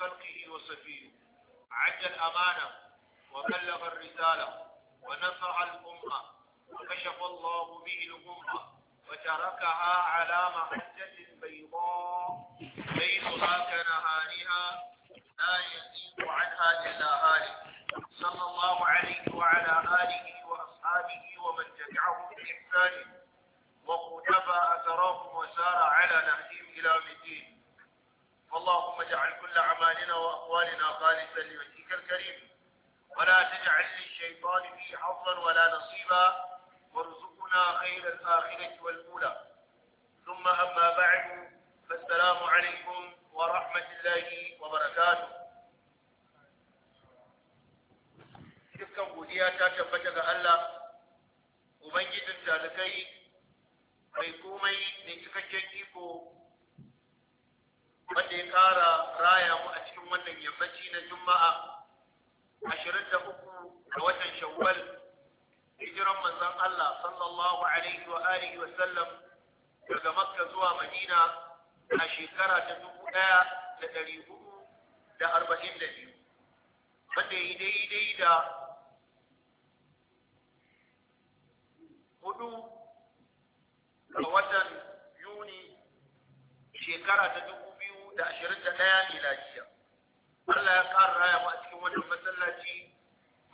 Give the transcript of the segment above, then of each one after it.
خلقه وصفيه عد الأمانة وبلغ الرسالة ونصر الأمة وكشف الله به الأمة وتركها على محجة بيضاء كان كنهارها لا يزيد عنها إلا هالك صلى الله عليه وعلى آله وأصحابه ومن تبعهم بإحسان وقتفى أثرهم وسار على نهجهم إلى مدين اللهم اجعل كل اعمالنا واقوالنا خالصا لوجهك الكريم ولا تجعل للشيطان فيه حظا ولا نصيبا وارزقنا خير الاخره والاولى Allah sallallahu alaihi wa alihi wa sallam daga Makka zuwa Madina a shekara ta dubu ɗaya da ɗari hudu da arba'in da biyu wanda yi daidai da hudu a watan Yuni shekara ta dubu biyu da ashirin da ɗaya miladiya Allah ya ƙara raya mu a cikin wannan masallaci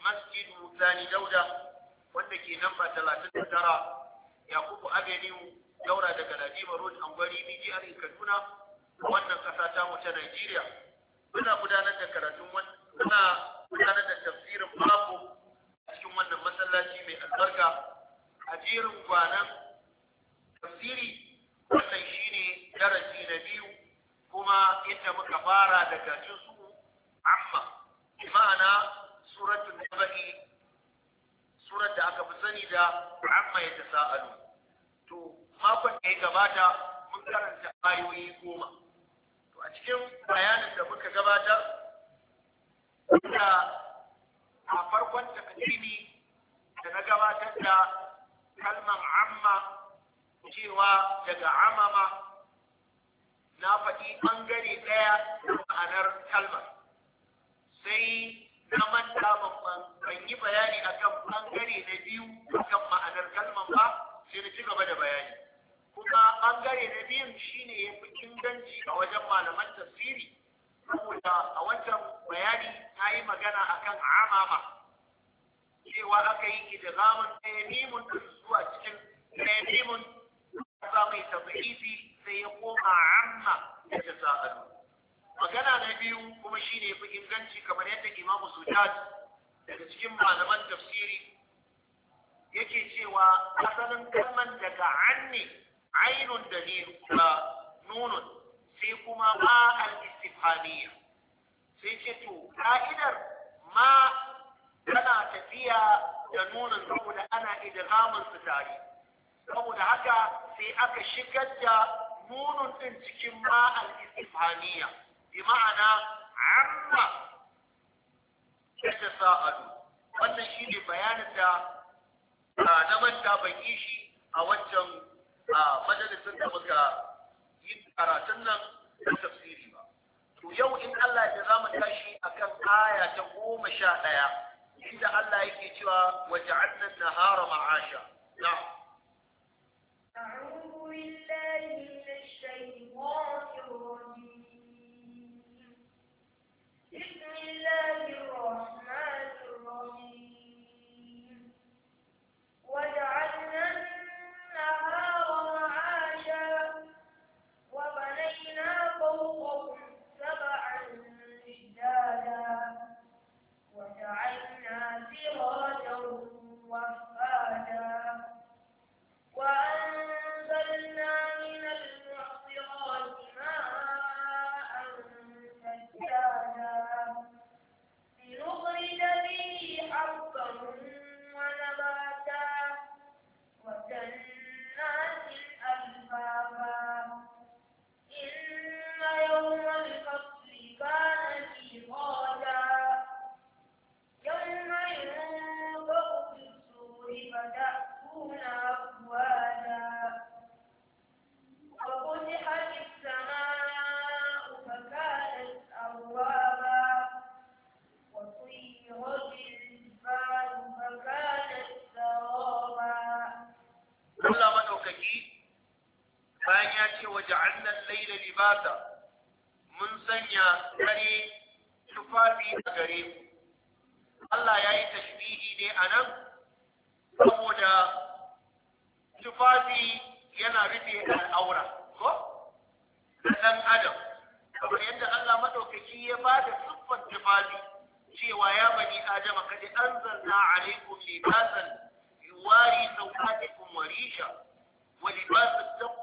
masjidu Sani Dauda wanda ke namba talatin da tara yakubu avenue daura daga najima road angwari bgr kaduna wannan kasa ta mu ta nigeria muna gudanar da karatun muna gudanar da tafsirin mako a cikin wannan masallaci mai albarka a jerin gwanan tafsiri wannan shine darasi na biyu kuma inda muka fara daga jinsu amma ma'ana suratul naba'i surar da aka fi sani da amma ya tasa'alu to makon da ya gabata mun karanta ayoyi goma to a cikin bayanin da muka gabata, da a farkon takadimi da na gabatar da kalmar amma cewa daga amama na faɗi ɓangare ɗaya ma'anar kalmar sai na manta ban yi bayani akan bangare na biyu akan ma'anar kalman ba sai na ci gaba da bayani kuma bangare na biyun shine ya fi inganci a wajen malaman tafsiri saboda a wancan bayani ta yi magana akan amama cewa aka yi idgamun ɗaya mimun zuwa cikin ɗaya mimun za mai tabbisi sai ya koma amma da ta sa'adu magana na biyu kuma shine fi inganci kamar yadda Imam Sujad daga cikin malaman tafsiri yake cewa asalin kalman daga anni ainun dalil da nunun sai kuma ma al-istifhamiyya sai ce to ka'idar ma tana tafiya da nunan saboda ana idghamun su tare saboda haka sai aka shigar da nunun din cikin ma al-istifhamiyya bima'ana amma yadda sa'adu wannan shi ne bayanin da na manta ban yi shi a wancan majalisun da muka yi karatun nan da tafsiri ba to yau in Allah ya za mu tashi akan aya ta goma sha ɗaya inda Allah yake cewa waje annan nahara ma'asha na أعوذ بالله إلى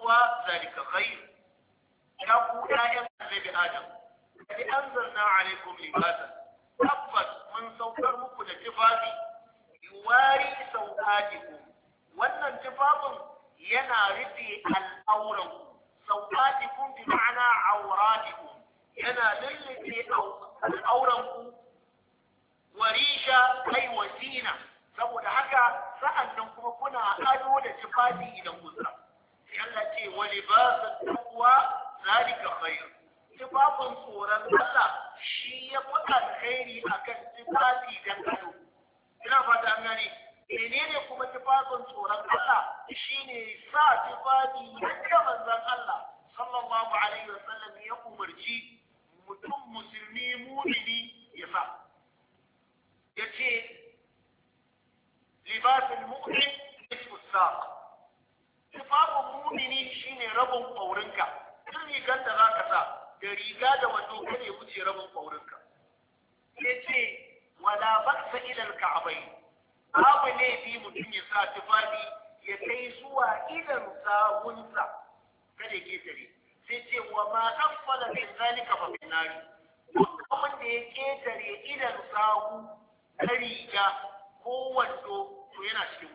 uwa zalika khair ya ku ƴaƴan annabi adam kad anzalna alaikum libasan tabbas mun saukar muku da tufafi yuwari sauqatikum wannan tufafin yana rufe al'auran sauqatikum bi ma'ana awratikum yana lullube al'auran ku warisha kai wasina saboda haka sa'annan kuma kuna ado da tufafi idan kun Allah ce wa libasu taqwa zalika khair tufafin tsoron Allah shi ya fi alkhairi akan tufafi da ado ina fata an gane menene kuma tifafin tsoron Allah shine sa tufafi yadda manzon Allah sallallahu alaihi wasallam ya umarci mutum musulmi mu'mini ya sa yace libasul mu'min ismu saq tufafin shi shine rabin ƙaurinka duk rigar da za ka sa da riga da wando kare wuce rabin ƙaurinka ya ce wala baksa abai abu ne laifi mutum ya sa tufafi ya kai zuwa idan sahunsa kada ya ketare sai ce wa ma kafala min zalika fa min nari duk abin da ya ketare idan sawu ta riga ko wando to yana cikin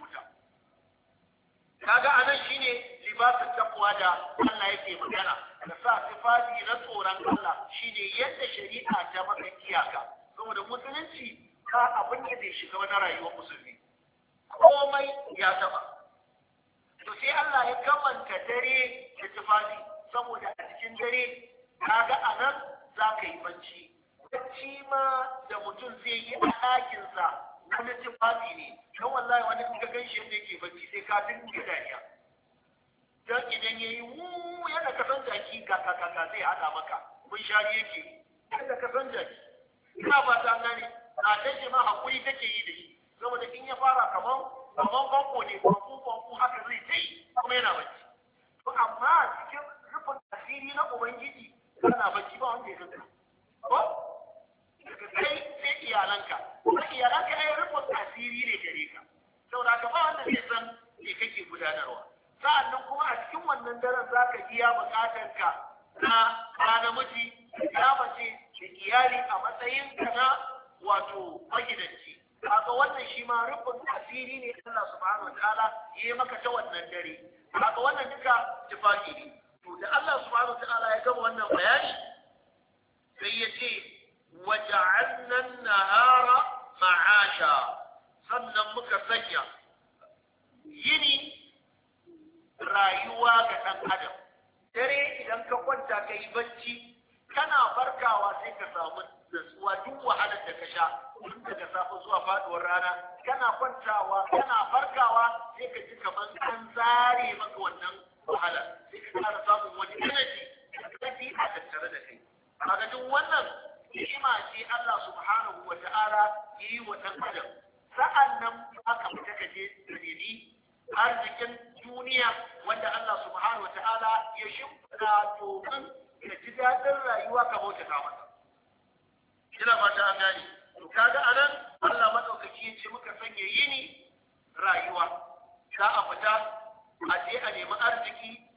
kaga anan shine libasin takwa da Allah yake magana da sa sifati na tsoron Allah shine yadda shari'a ta maka iyaka saboda musulunci ka abin da zai shiga wani rayuwar musulmi komai ya taba to sai Allah ya kamanta dare da tufafi saboda a cikin dare kaga anan za ka yi bacci bacci ma da mutum zai yi a ɗakinsa wani fati ne don wallahi wani in ka gan shi yadda yake bacci sai ka dinga dariya don idan ya yi wuu yadda ka san jaki ga kakaka zai haɗa maka sha ne yake yadda ka san jaki ina ba ta gane na ta ce ma haƙuri take yi da shi saboda in ya fara kamar kamar banko ne banko banko haka zai ta yi kuma yana bacci to amma cikin rufin asiri na ubangiji kana bacci ba wanda ya gaggawa ko daga kai iyalanka kuma iyalanka ai rufin asiri ne gare ka saboda ka ba wanda zai san me kake gudanarwa sa'annan kuma a cikin wannan daren za ka iya ka na ba namiji ya mace da iyali a matsayin ka na wato magidanci kaga wannan shi ma rufin asiri ne Allah subhanahu ya yi maka ta wannan dare kaga wannan duka tufafi ne to da Allah subhanahu ta'ala ya gama wannan bayani sai ya ce وجعلنا النهار معاشا مكة مكسيا يني رايوا كتن ادم تري اذا كنت كاي بچي كنا بركا واسي كسام نسوا دو حاله تكشا كنت كسافو زوا فادو رانا كنا كنتوا كنا بركاوا سي كجي كمان كان زاري مك wannan wahala sai ka samu wani energy da kake a tattare da kai kaga duk wannan ni'ima ce Allah subhanahu wa ta'ala yi wa ɗan adam sa'an nan aka fita ka je dalili arzikin duniya wanda Allah subhanahu wa ta'ala ya shimfiɗa domin ka ji daɗin rayuwa ka bautata masa ina fata an gane to a nan, Allah madaukaki ya ce muka sanya yini rayuwa za a fita a je a nemi arziki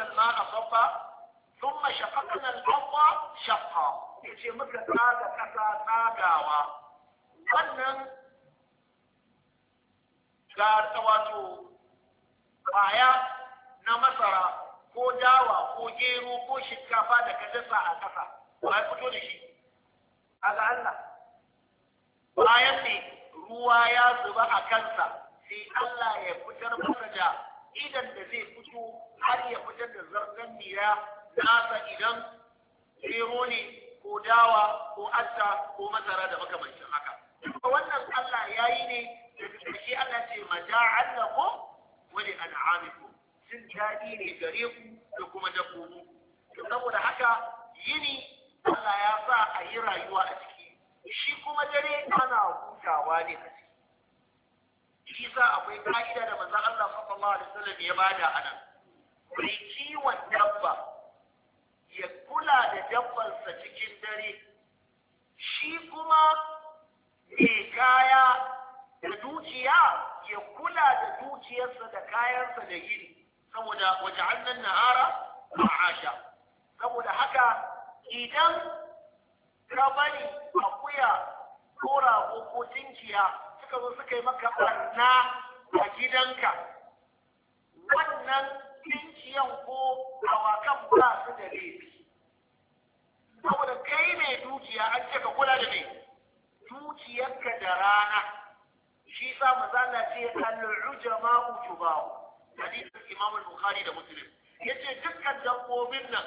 amsakna a maa safa thumma shaqaqna al-ardha shaqqa yace muka tsaga kasa tsagawa wannan ga wato baya na masara ko dawa ko gero ko shinkafa da ka a kasa bayan ne ruwa ya zuba a kansa sai Allah ya fitar masa idan da zai fito har ya fitar da zargan nasa idan gero ne ko dawa ko atta ko masara da makamancin haka duka wannan Allah ya yi ne da shi Allah ce mata'an da wa wani al'amiku jin daɗi ne gare ku da kuma dabbobi saboda haka yini Allah ya sa a yi rayuwa a ciki shi kuma dare ana hutawa ne a shi akwai ka'ida da manzon Allah sallallahu alaihi wasallam ya bada anan mai kiwon dabba ya kula da dabbarsa cikin dare shi kuma mai kaya da dukiya ya kula da dukiyarsa da kayansa da yini saboda waja'annan nahara ma'asha saboda haka idan ka bari akuya ko rago ko tinkiya suka zo suka yi maka barna a gidanka wannan binciyan ko a wakan ba su da laifi saboda kai mai dukiya an ce ka kula da mai dukiyarka da rana shi sa mazala ce al-ujama ujubahu hadisin imam al-bukhari da muslim yace dukkan dabbobin nan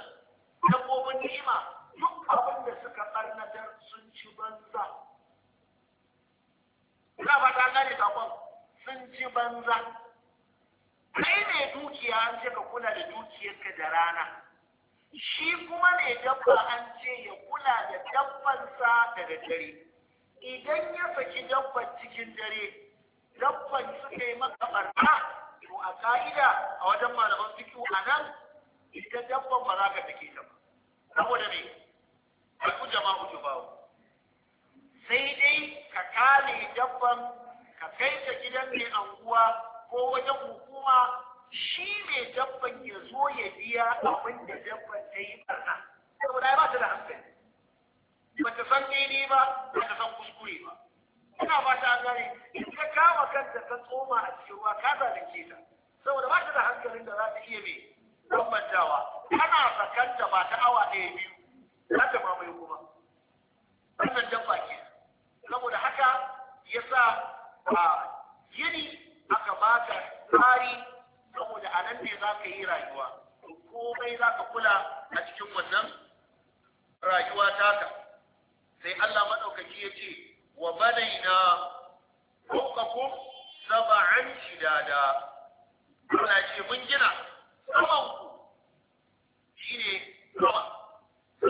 dabbobin ni'ima duk abin da suka barnatar sun ci banza ina ba ta gane sakon sun ci banza kai ne dukiya an ce ka kula da dukiyarka da rana shi kuma ne dabba an ce ya kula da dabbansa da dare. idan ya saki dabban cikin dare dabban suka yi maka barka to a ka'ida a wajen malaman fiki a nan ita dabban ba za ka take ta ba saboda me ku jama'a ku bawo sai dai ka kare dabban ka kai ta gidan mai anguwa ko wajen hukuma shi mai dabban ya zo ya biya abin da dabban ta yi barna saboda ya ba ta da hankali ba ta san daidai ba ba ta san kuskure ba ina ba ta gane in ka kama kanta ta tsoma a cikin ruwa ka zalunce ta saboda ba ta da hankalin da za ta iya mai bambantawa kana sakanta ba ta awa ɗaya biyu za ta a yini aka baka tsari saboda a nan ne za ka yi rayuwa komai za ka kula a cikin wannan rayuwa taka sai Allah maɗaukaki ya ce wa banaina fawqakum sab'an shidada Allah ce mun gina saman ku shine sama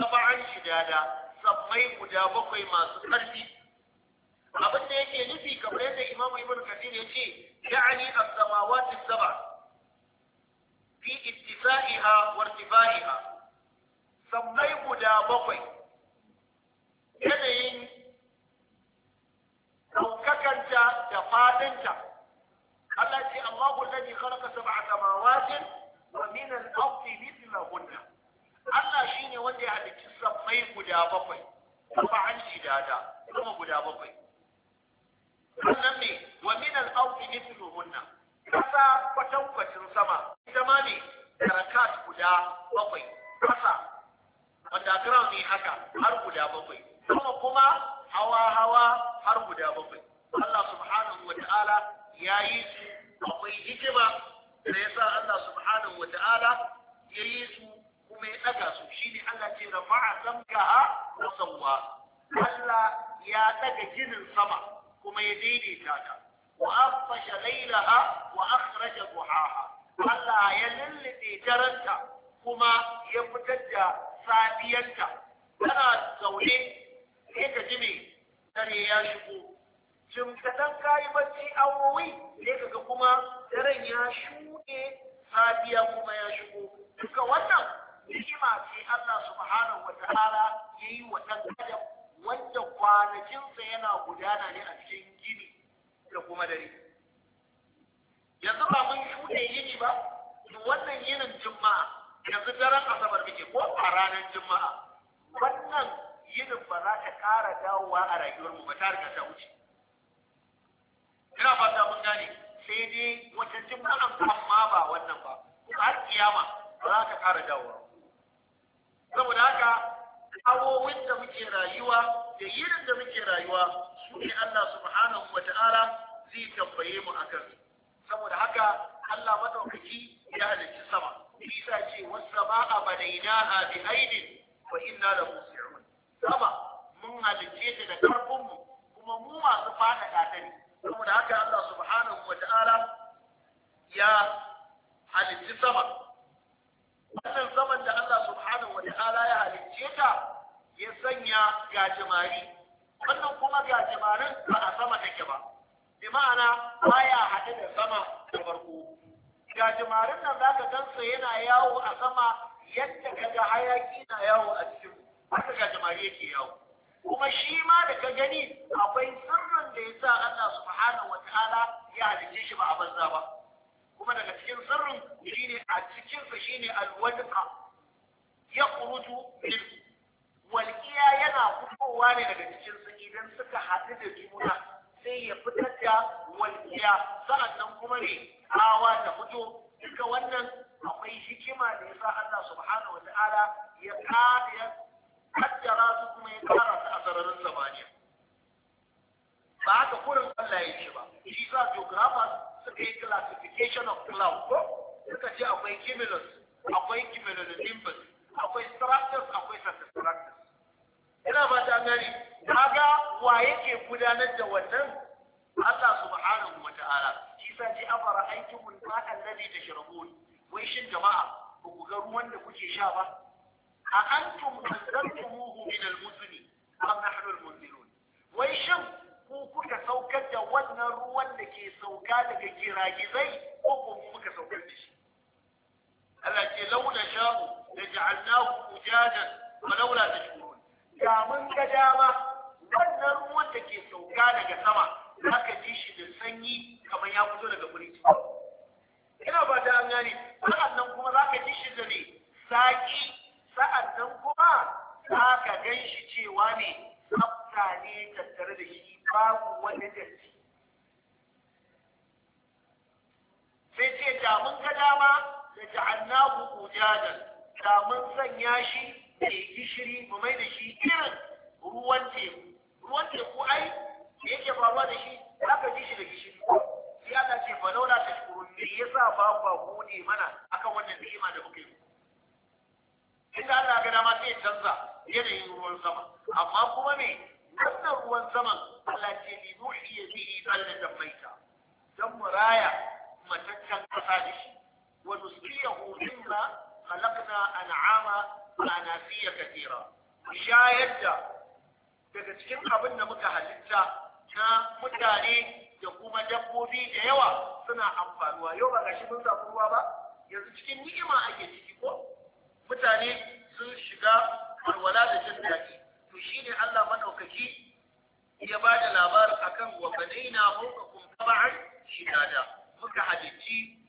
sab'an shidada sabbai guda bakwai masu ƙarfi abin da yake nufi kamar yadda imamu ibn kathir ya ce ya'ani as-samawati as-sab'a fi ittifa'iha wa irtifa'iha sammai guda bakwai yanayin daukakanta da fadanta Allah ce Allahu alladhi khalaqa sab'a guda bakwai sama kuma hawa hawa har guda bakwai Allah subhanahu wa ta'ala ya yi su akwai hikima da ya sa Allah subhanahu wa ta'ala ya yi su kuma ya ɗaga su shi ne Allah ce da ma'a samkaha wa sawwa Allah ya ɗaga ginin sama kuma ya daidaita ta wa afasha lailaha juma'a wannan yinin ba za ta ƙara dawowa a rayuwarmu ba ta riga ta wuce ina fata mun gane sai dai wata juma'an amma ba wannan ba kuma har kiyama ba za ta ƙara dawowa saboda haka awowin da muke rayuwa da yinin da muke rayuwa su ne Allah subhanahu wa ta'ala zai tambaye mu a kan saboda haka Allah madaukaki ya halicci sama isa ce wasu ina badaina bi aidin fa inna la musi'un sama mun halice ta da karfin mu kuma mu masu fada ta saboda haka Allah subhanahu wa ta'ala ya halicci sama wannan saman da Allah subhanahu wa ta'ala ya halicce ta ya sanya gajimari wannan kuma gajimarin ba a sama take ba bi ma'ana baya haɗe da sama da farko gajimarin nan zaka gansa yana yawo a sama yadda kaga hayaki na yawo a cikin haka ga jamari yake yawo kuma shi ma da ka gani akwai sirrin da ya sa Allah subhanahu wa ta'ala ya halicce shi ba a banza ba kuma daga cikin sirrin shine a cikinsa shine alwadqa ya kurutu min walƙiya yana fitowa ne daga cikin su idan suka haɗu da juna sai ya fitar da walƙiya nan kuma ne hawa ta fito duka wannan akwai hikima da ya sa Allah subhanahu wata'ala ya kada ya kaddara su kuma ya kara su a sararin zamaniya ba haka kurin Allah ya ce ba shi sa geographers suka yi classification of cloud ko suka ce akwai cumulus akwai cumulonimbus akwai stratus akwai substratus ina ba ta gani kaga wa yake gudanar da wannan Allah subhanahu wata'ala shi sa ji afara aikin a ba da tashrabun wai shin jama'a ba ku ga ruwan da kuke sha ba a antum anzaltumuhu min al-muzni am nahnu al-munzilun wai shin ku kuka saukar da wannan ruwan da ke sauka daga giragizai ko ku muka saukar da shi Allah ce launa sha'u da ja'alnahu ujajan wa laula tashkurun da mun ga dama wannan ruwan da ke sauka daga sama zaka ji shi da sanyi kamar ya fito daga firiji ina ba da ujjajan da mun sanya shi mai gishiri mu mai da shi irin ruwan teku ruwan teku ai da yake faruwa da shi aka ji shi da gishiri sai Allah ce fa laula tashkurun me yasa ba ku gode mana akan wannan ni'ima da muke yi inda Allah ga dama sai canza yanayin ruwan sama amma kuma me wannan ruwan saman Allah ce li nuhiya bihi baldatan maita dan muraya mataccen kasa da shi anafiya katira ku shayar da daga cikin abin da muka halitta na mutane da kuma dabbobi da yawa suna amfanuwa yau ba gashi mun samu ruwa ba yanzu cikin ni'ima ake ciki ko mutane sun shiga walwala da jin daɗi to shine Allah madaukaki ya ba da labarin akan wa banaina fawqakum tab'an shidada muka halicci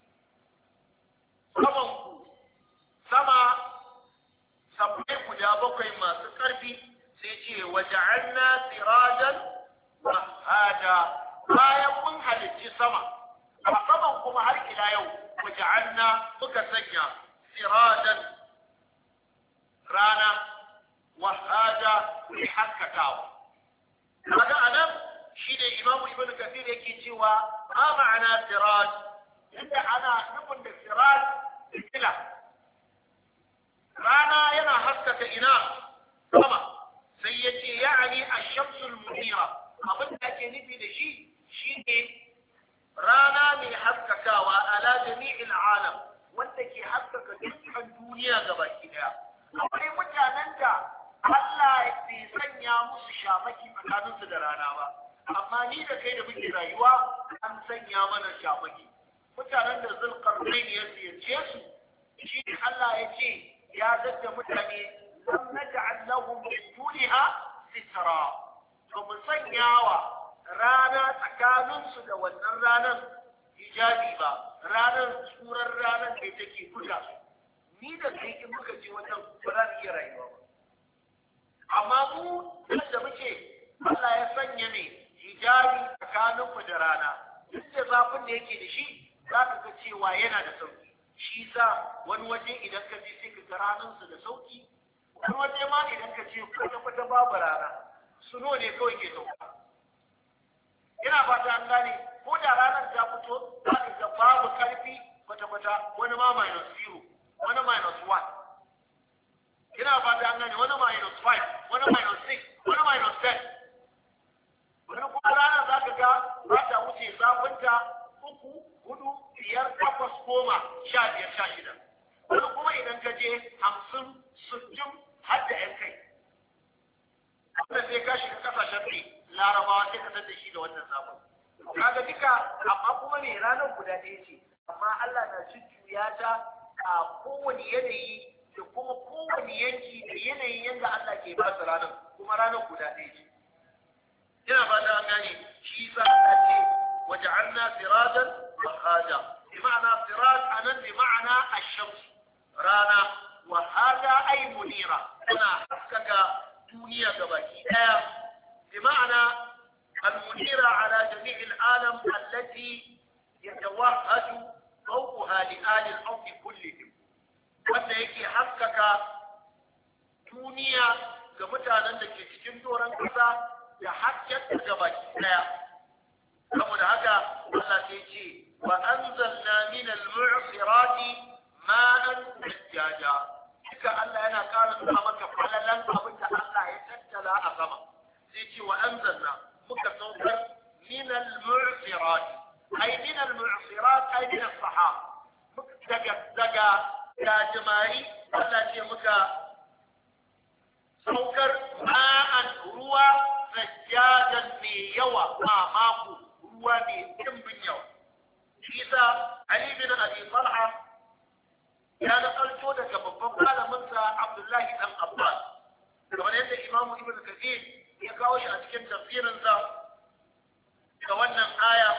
Rana muka sanya sirajan rana wahaja mai haskakawa kaga anan shine imamu ibn kathir yake cewa ma ma'ana siraj inda ana nufin da siraj fitila rana yana haskaka ina sama sai yace ya'ani ash-shamsul munira abin da ake nufi da shi shine rana mai haskakawa ala jami'il alam wanda ke haskaka dukkan duniya gabaki daya akwai mutanen da Allah bai sanya musu shafaki tsakaninsu da rana ba amma ni da kai da muke rayuwa an sanya mana shafaki. mutanen da zulqarnain ya ziyarce su shi Allah ya ce ya zadda mutane lam naj'al lahum min duniha sitra to mu sanyawa rana tsakaninsu da wannan ranar hijabi ba ranar tsuran ranar da take buga ni da kai in muka je wannan ba za mu iya rayuwa ba amma mu da muke Allah ya sanya ne hijabi tsakaninmu da rana duk da zafin da yake da shi za ka ga cewa yana da sauki shi sa wani waje idan ka je sai ka ga ranarsa da sauki wani waje ma idan ka ce kwata-kwata babu rana suno ne kawai ke sauka ina fata an gane ko da ranar ta fito za ka ga babu karfi kwata-kwata wani ma minus zero wani minus one ina fata an gane wani minus five wani minus six wani minus ten wani kuma rana za ka ga ba ta wuce zafinta uku hudu biyar takwas goma sha biyar sha shida wani kuma idan ka je hamsin sittin har da yan kai wannan zai kashi kasashen ne larabawa sai ka da shi da wannan sabon kaga duka amma kuma ne ranar guda ɗaya ce amma Allah na jujjuya ta a kowane yanayi da kuma kowane yanki da yanayin yadda Allah ke ba su ranar kuma ranar guda ɗaya ce ina ba ta gane shi sa Allah ce waja'alna sirajan makhaja bi ma'ana siraj anan bi ma'ana ash-shams rana wa hada ay munira tana haskaka duniya gabaki daya بمعنى المنيرة على جميع العالم التي يتوهج ضوءها لآل الأرض كلهم wanda yake haskaka duniya ga mutanen da ke cikin doron ƙasa da hasken da baki daya saboda haka Allah sai ce wa anzalna min al-mu'sirati ma'an sajjaja duka Allah yana ƙara sa maka falalan abin da Allah ya tattala a sama يجي وأنزلنا مكتوبة من المعصرات أي من المعصرات أي من الصحاب دقا دقا يا جماعي التي مكا سوكر ماء روى سجادا في يوى ما ماكو روى مي كم بن يوى عيسى علي بن أبي طلحة ya nakalto daga babban malaminsa Abdullahi dan Abbas kamar yadda الامام ابن كثير ya kawo shi a cikin tafsirinsa da wannan aya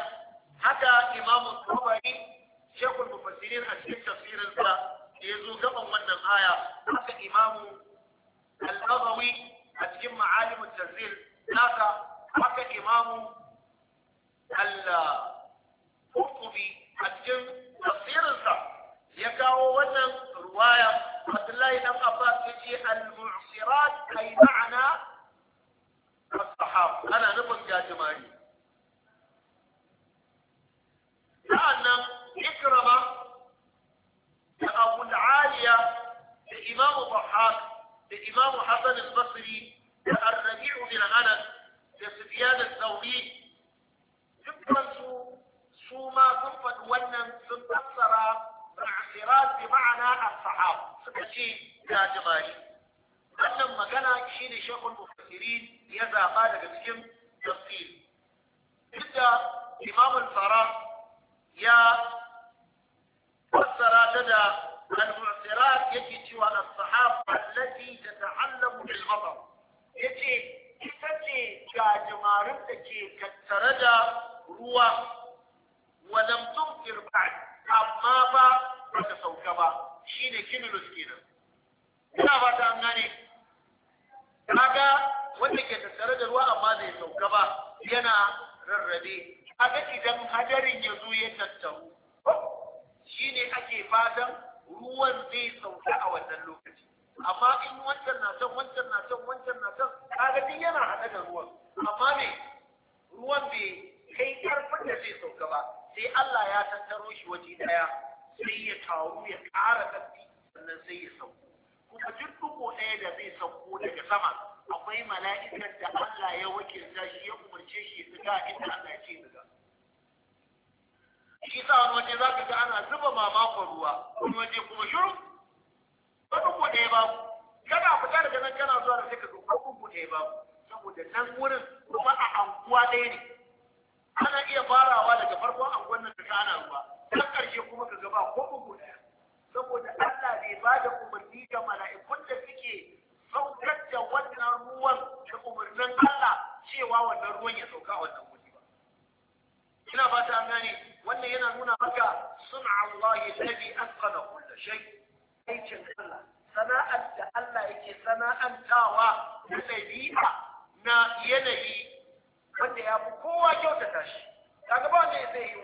haka imamu tabari shekul mufassirin a cikin tafsirinsa da ya zo gaban wannan aya haka imamu al-nawawi a cikin ma'alimin tafsir naka haka imamu al-qurtubi a cikin tafsirinsa ya kawo wannan ruwaya عبد الله بن عباس يجي المعصرات اي معنى ahab ana nufin gajimari sa'annan ikrama da abu aliya da imamu bahak da imamu hassan al-basri da arrabi'u bin anas da sufyan al-thawri dukkan su su ma sun faɗi wannan sun fassara ma'asirat bi ma'ana as-sahab suka ce gajimari wannan magana shine shekul mufassirin ya zaɓa daga cikin tafsir inda imam al-fara ya fassara ta da al-mu'sirat yake cewa as-sahaba allati tata'allamu bil matar yace ita ce gajamarin da ke tattare da ruwa walam tumtir ba'd amma ba ba ta sauka ba shine kinulus kenan ina ba an gane tattare da ruwa amma bai sauka ba yana rarrabe kaga idan hadarin ya zo ya tattaru shine ake fatan ruwan zai sauka a wannan lokaci amma in wancan na can wancan na can wancan na can kaga duk yana haɗa da ruwan amma ne ruwan bai kai karfin da zai sauka ba sai Allah ya tattaro shi waje daya sai ya taru ya ƙara ƙarfi sannan sai ya sauka. kuma duk duko ɗaya da zai sauko daga sama akwai mala'ikar da Allah ya wakilta shi ya umarce shi su ga inda Allah ya ce su. ga shi sa wani waje za ka ga ana zuba mamakon ruwa wani waje kuma shiru wani ko ɗaya ba kana fita daga nan kana zuwa da suka ka zuwa ko ɗaya ba saboda nan wurin kuma a anguwa ɗaya ne ana iya farawa daga farkon anguwan nan da ta ana ruwa dan ƙarshe kuma ka gaba ko ɗaya saboda Allah bai ba da umarni ga mala'ikun da suke saukar da wannan ruwan da umarnin Allah cewa wannan ruwan ya sauka wannan wuri ba ina ba ta gane wannan yana nuna maka sun'a Allah alladhi atqana kull shay aikin Allah sana'ar da Allah yake sana'antawa da dabi'a na yanayi wanda ya fi kowa kyautata shi kaga gaba wanda ya zai yi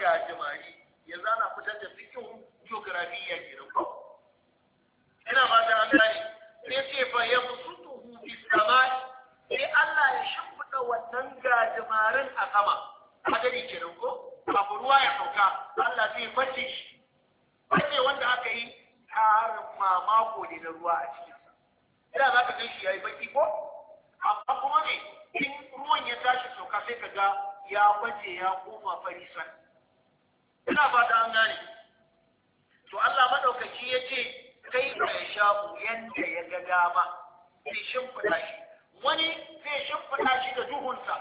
gajimari ya zana fitar da fikin geografiya ke rufa ina ba ta gani sai ce fa ya musutu bi samai sai Allah ya shimfida wannan gajimarin a sama hadari ke kafin ruwa ya sauka Allah zai bace shi wanda aka yi tarin mamako ne na ruwa a cikinsa ina za ka gan shi ya yi baki ko amma kuma ne in ruwan ya tashi sauka sai ka ga ya bace ya koma farisan gane to Allah madaukaki ya ce kai da ya sha'u yanda ya ga dama zai shimfiɗa shi wani zai shimfiɗa shi da duhunsa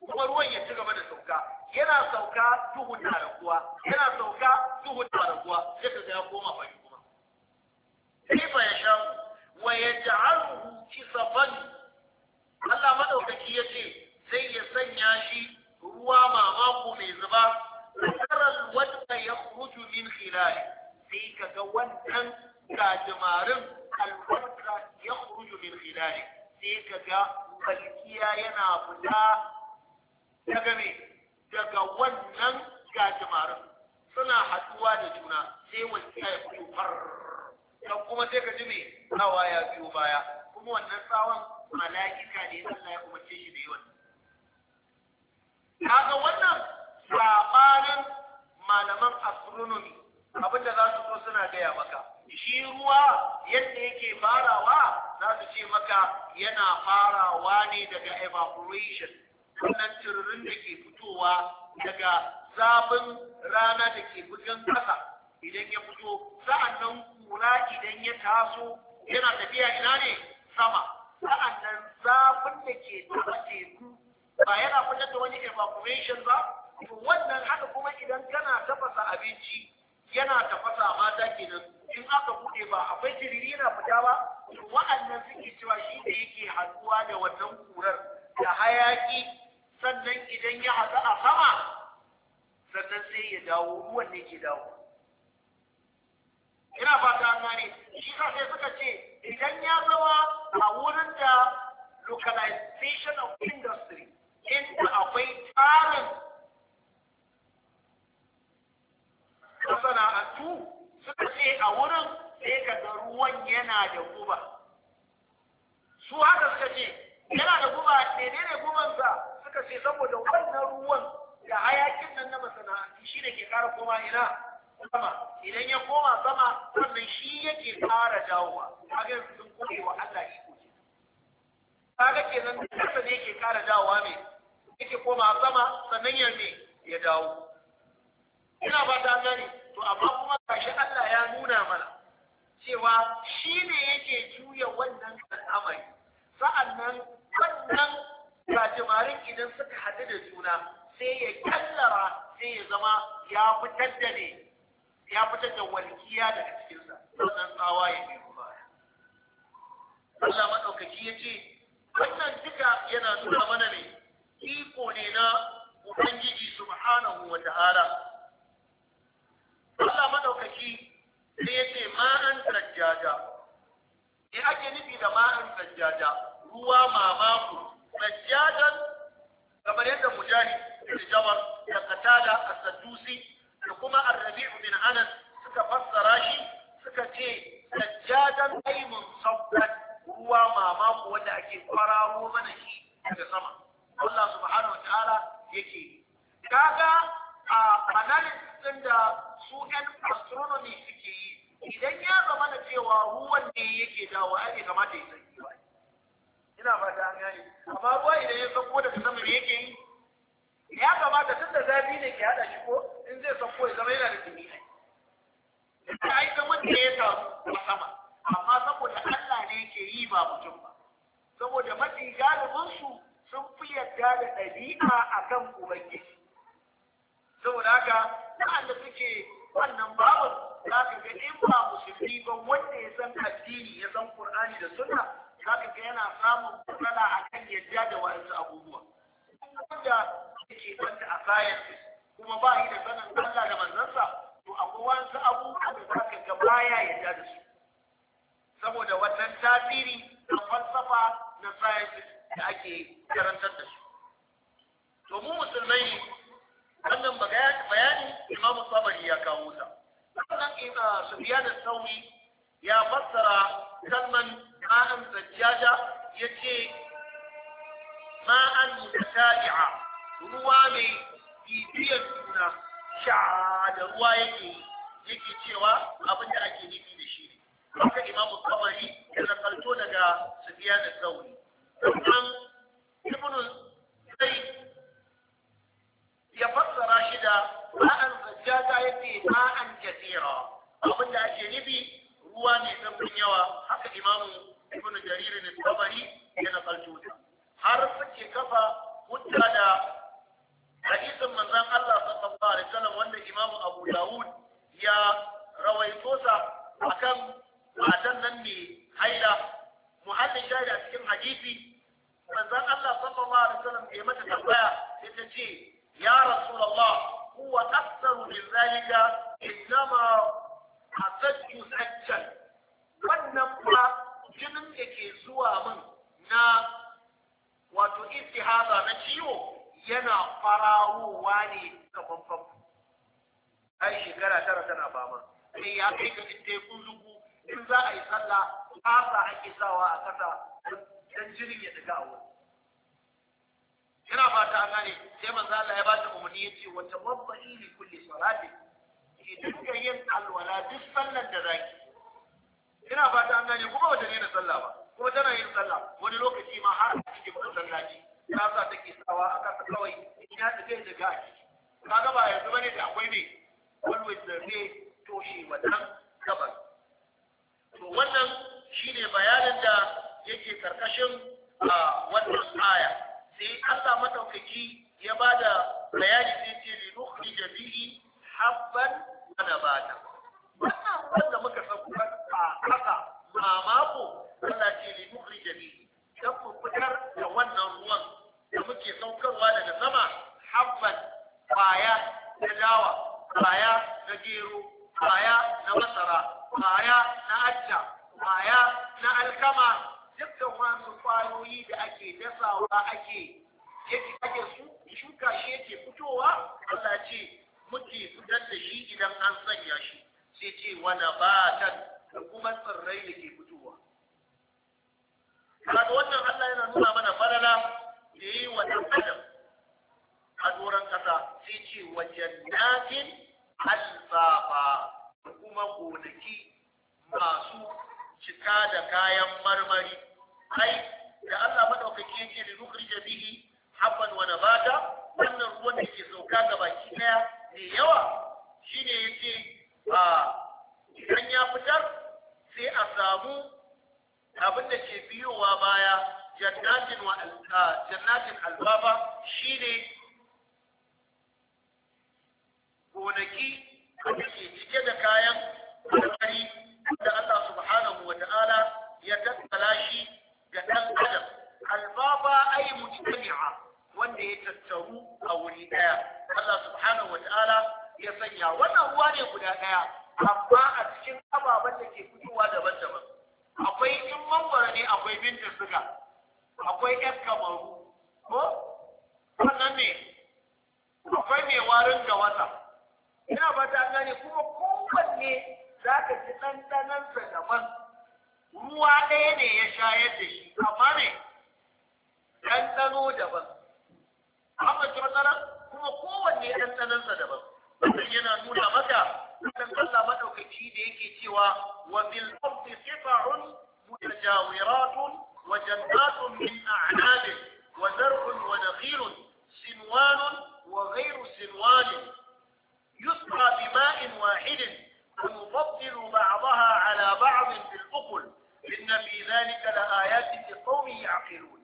kuma ruwan ya ci gaba da sauka yana sauka duhun na raguwa yana sauka duhun na raguwa sai ka ya koma fari kuma kaifa ya sha wa kisafan yace sai ya sanya shi ruwa mamako mai zuba tsarar wadda ya ruju min khilali sai ka ga wannan gajimarin alwadda ya ruju min khilali sai ka ga yana fita daga ne daga wannan gajimarin suna haɗuwa da juna sai wancan ya fito far kuma sai ka ji me nawa ya biyo baya kuma wannan tsawon mala'ika ne Allah ya umarce shi da yawan kaga wannan sabanin malaman astronomy da za su zo suna gaya maka shi ruwa yadda yake farawa za su ce maka yana farawa ne daga evaporation wannan tururin da ke fitowa daga zafin rana da ke bugan kasa idan ya fito sa'annan kura idan ya taso yana tafiya ina ne sama sa'annan zafin da ke taɓa teku ba yana fitar da wani evaporation ba wannan haka kuma idan kana tafasa abinci yana tafasa mata kenan in aka buɗe ba akwai tiriri na fita ba wa'annan suke cewa shi da yake haɗuwa da wannan kurar da hayaki sannan idan ya haɗu a sama sannan sai ya dawo ruwan ne ke dawo ina fata an gane shi sa sai suka ce idan ya zama a wurin da localization of saboda wannan ruwan da hayakin nan na masana'antu shi ne ke kara koma ina sama idan ya koma sama wannan shi yake kara dawowa kaga yanzu sun kuma wa Allah iko ce kaga kenan da ne yake kara dawowa ne yake koma sama sannan ya me ya dawo ina ba ta gani to amma kuma kashi Allah ya nuna mana cewa shi ne yake juya wannan al'amari sa'annan wannan ba jimarin idan suka haɗu da juna sai ya kallara sai ya zama ya fitar da ne ya fitar da walkiya daga cikinsa sannan tsawa ya biyu baya Allah maɗaukaki ya ce wannan duka yana nuna mana ne iko ne na Ubangiji subhanahu wa ta'ala Allah maɗaukaki sai ya ce ma'an sajjaja ya ake nufi da ma'an sajjaja ruwa mamaku sajjaja anas suka fassara shi suka ce karantar da su to mu musulmai wannan bayani imamu sabari ya kawo ta sannan sufiya da sauri ya fassara kalman ma'an zajjaja ya ce ma'an mutata'i'a ruwa mai bibiyar juna sha'a da ruwa yake yake cewa abin da ake nufi da shi haka imamu sabari ya nakalto daga sufiya da sauri ibn sai ya fassara shi da ma'an zajjaja yake ma'an kasira abin da ake nufi ruwa ne sabbin yawa haka imamu ibn jarir ne ya nakalto ta har suke kafa hujja da hadisin manzon Allah sallallahu alaihi wasallam wanda imamu Abu Dawud ya rawaitosa sa akan matan nan ne haila muhallin shaida cikin hadisi manzon Allah sallallahu alaihi wasallam ya mata tambaya sai ta ce ya rasulullah huwa aktsaru min zalika innama asajju sajjan wannan ba jinin da ke zuwa min na wato istihaza na ciwo yana farawowa ne gaban ai shekara tara tana fama sai ya kai ga in ta yi in za a yi sallah ƙasa ake sawa a ƙasa dan jirgin ya daga a ina fata an gane sai manzo Allah ya bata umarni yace wa tawaddi li kulli salati ki dinga yin alwala duk sallar da zaki ina fata an gane kuma wata ne na sallah ba kuma tana yin sallah wani lokaci ma har a cikin masallaci ina sa take sawa a kasa kawai in ya daga da gashi kaga ba yanzu bane da akwai ne always the way to shi wannan gaban to wannan shine bayanin da yake karkashin wannan aya sai Allah madaukaki ya bada bayani sai ce li nukhrij bihi habban wa nabata wannan wanda muka saukar a kasa mamako Allah ce li nukhrij bihi dan ku fitar da wannan ruwan da muke saukarwa daga sama habban kwaya da dawa kwaya na gero kwaya na masara kwaya na acca kwaya na alkama dukkan wasu kwayoyi da ake dasawa ake yake kake su shuka shi yake fitowa Allah ce muke fitar da shi idan an sanya shi sai ce wani batan da kuma tsirrai da ke fitowa kaga wannan Allah yana nuna mana farala da yi wa ɗan adam a doron ƙasa sai ce wa jannatin alfafa da kuma gonaki masu cika da kayan marmari ai da Allah madaukaki yake da nukhrija bihi habban wa nabata wannan ruwan da ke sauka ga baki daya mai yawa shine yake a idan ya fitar sai a samu abin da ke biyowa baya jannatin wa jannatin albaba shine gonaki wanda ke cike da kayan marmari da Allah subhanahu wa ta'ala ya tattala shi ga ɗan adam albaba yi mujtami'a wanda ya tattaru a wuri ɗaya Allah subhanahu wata'ala ya sanya wannan ruwa ne guda ɗaya amma a cikin ababen da ke fitowa daban-daban akwai in mangwara ne akwai binta suga akwai ƴan kamaru ruwa ɗaya ne ya shayar da shi amma ne ɗanɗano daban amma ki matsala kuma kowanne ɗanɗanonsa daban wannan yana nuna maka wannan Allah madaukaki da yake cewa wa bil ardi qita'un mutajawiratun wa jannatun min a'nab wa zar'un wa nakhilun sinwanun wa ghayru sinwanin يسقى بماء واحد ونفضل بعضها على بعض في الأكل inna fi zalika la ayatin li qaumin ya'qilun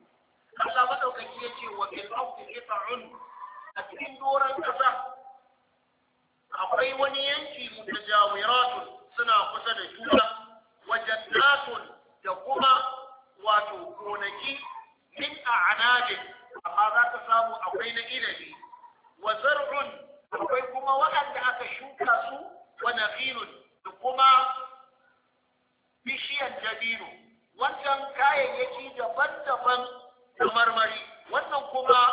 Allah madaukaki yace wa bil ardi qita'un a cikin doran kasa akwai wani yanki mutajawiratun suna kusa da juna wa jannatun da kuma wato gonaki min a'nabin amma za ka samu akwai na inabi wa zar'un akwai kuma waɗanda aka shuka su wa nakhilun da kuma bishiyan jadiru wannan kayayyaki daban-daban da marmari wannan kuma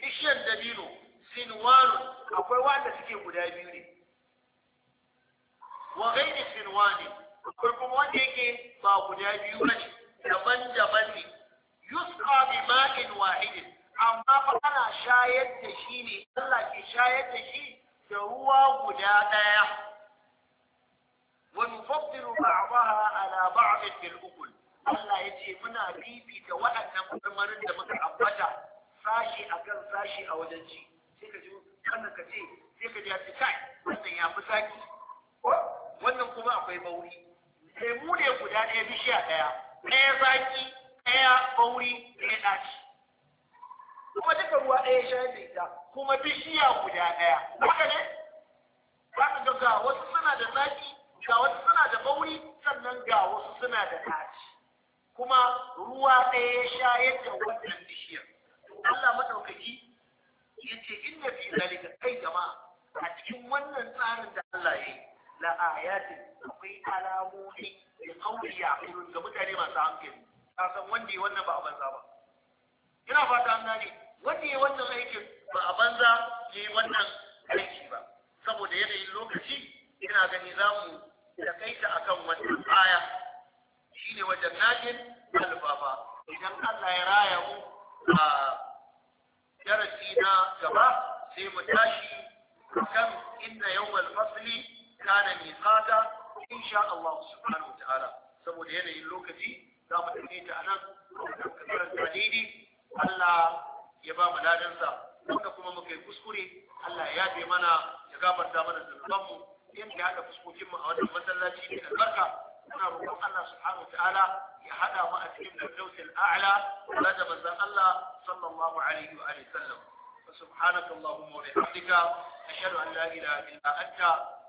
bishiyan dabino sinwanun akwai wanda suke guda biyu ne wa gaidi sinwani akwai kuma wanda yake ba guda biyu ba ne daban-daban ne yusqa bi ma'in wahidin amma fa ana shayar da shi ne Allah ke shayar da shi da ruwa guda ɗaya wa nufaddilu ba'daha a ba'd fil ukul Allah ya ce muna fifita waɗannan marmarin da muka ambata sashi akan sashi a wajen ci sai ka ji wannan ka ce sai ka ji ya fi saki wannan kuma akwai bauri lemu ne guda ɗaya bishiya ɗaya ɗaya zaki ɗaya bauri ɗaya ɗaci kuma duka ruwa ɗaya da ita kuma bishiya guda ɗaya haka ne wasu suna da zaƙi. ga wasu suna da bauri sannan ga wasu suna da taci kuma ruwa ɗaya ya sha yadda wannan bishiyar Allah madaukaki ya ce inna fi zalika kai jama'a a cikin wannan tsarin da Allah ya yi la ayatin akwai alamomi da kauri ya ga mutane masu hankali ka san wanda wannan ba a banza ba akan wannan aya shine wajen nakin albaba idan Allah ya raya mu a darasi na gaba sai mu tashi kan inna yawmal fasli kana miqata insha Allah subhanahu wa ta'ala saboda yanayin lokaci za mu tafi ta anan ka daidai Allah ya ba mu ladansa wanda kuma muka yi kuskure Allah ya yafe mana ya gafarta mana zunubanmu yadda haɗa fuskokin mu a wannan masallaci mai albarka muna roƙon Allah subhanahu ta'ala ya haɗa mu a cikin firdausil a'la da da manzon Allah sallallahu alaihi wa alihi sallam سبحانك اللهم وبحمدك أشهد أن لا إله إلا أنت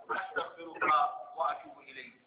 أستغفرك وأتوب إليك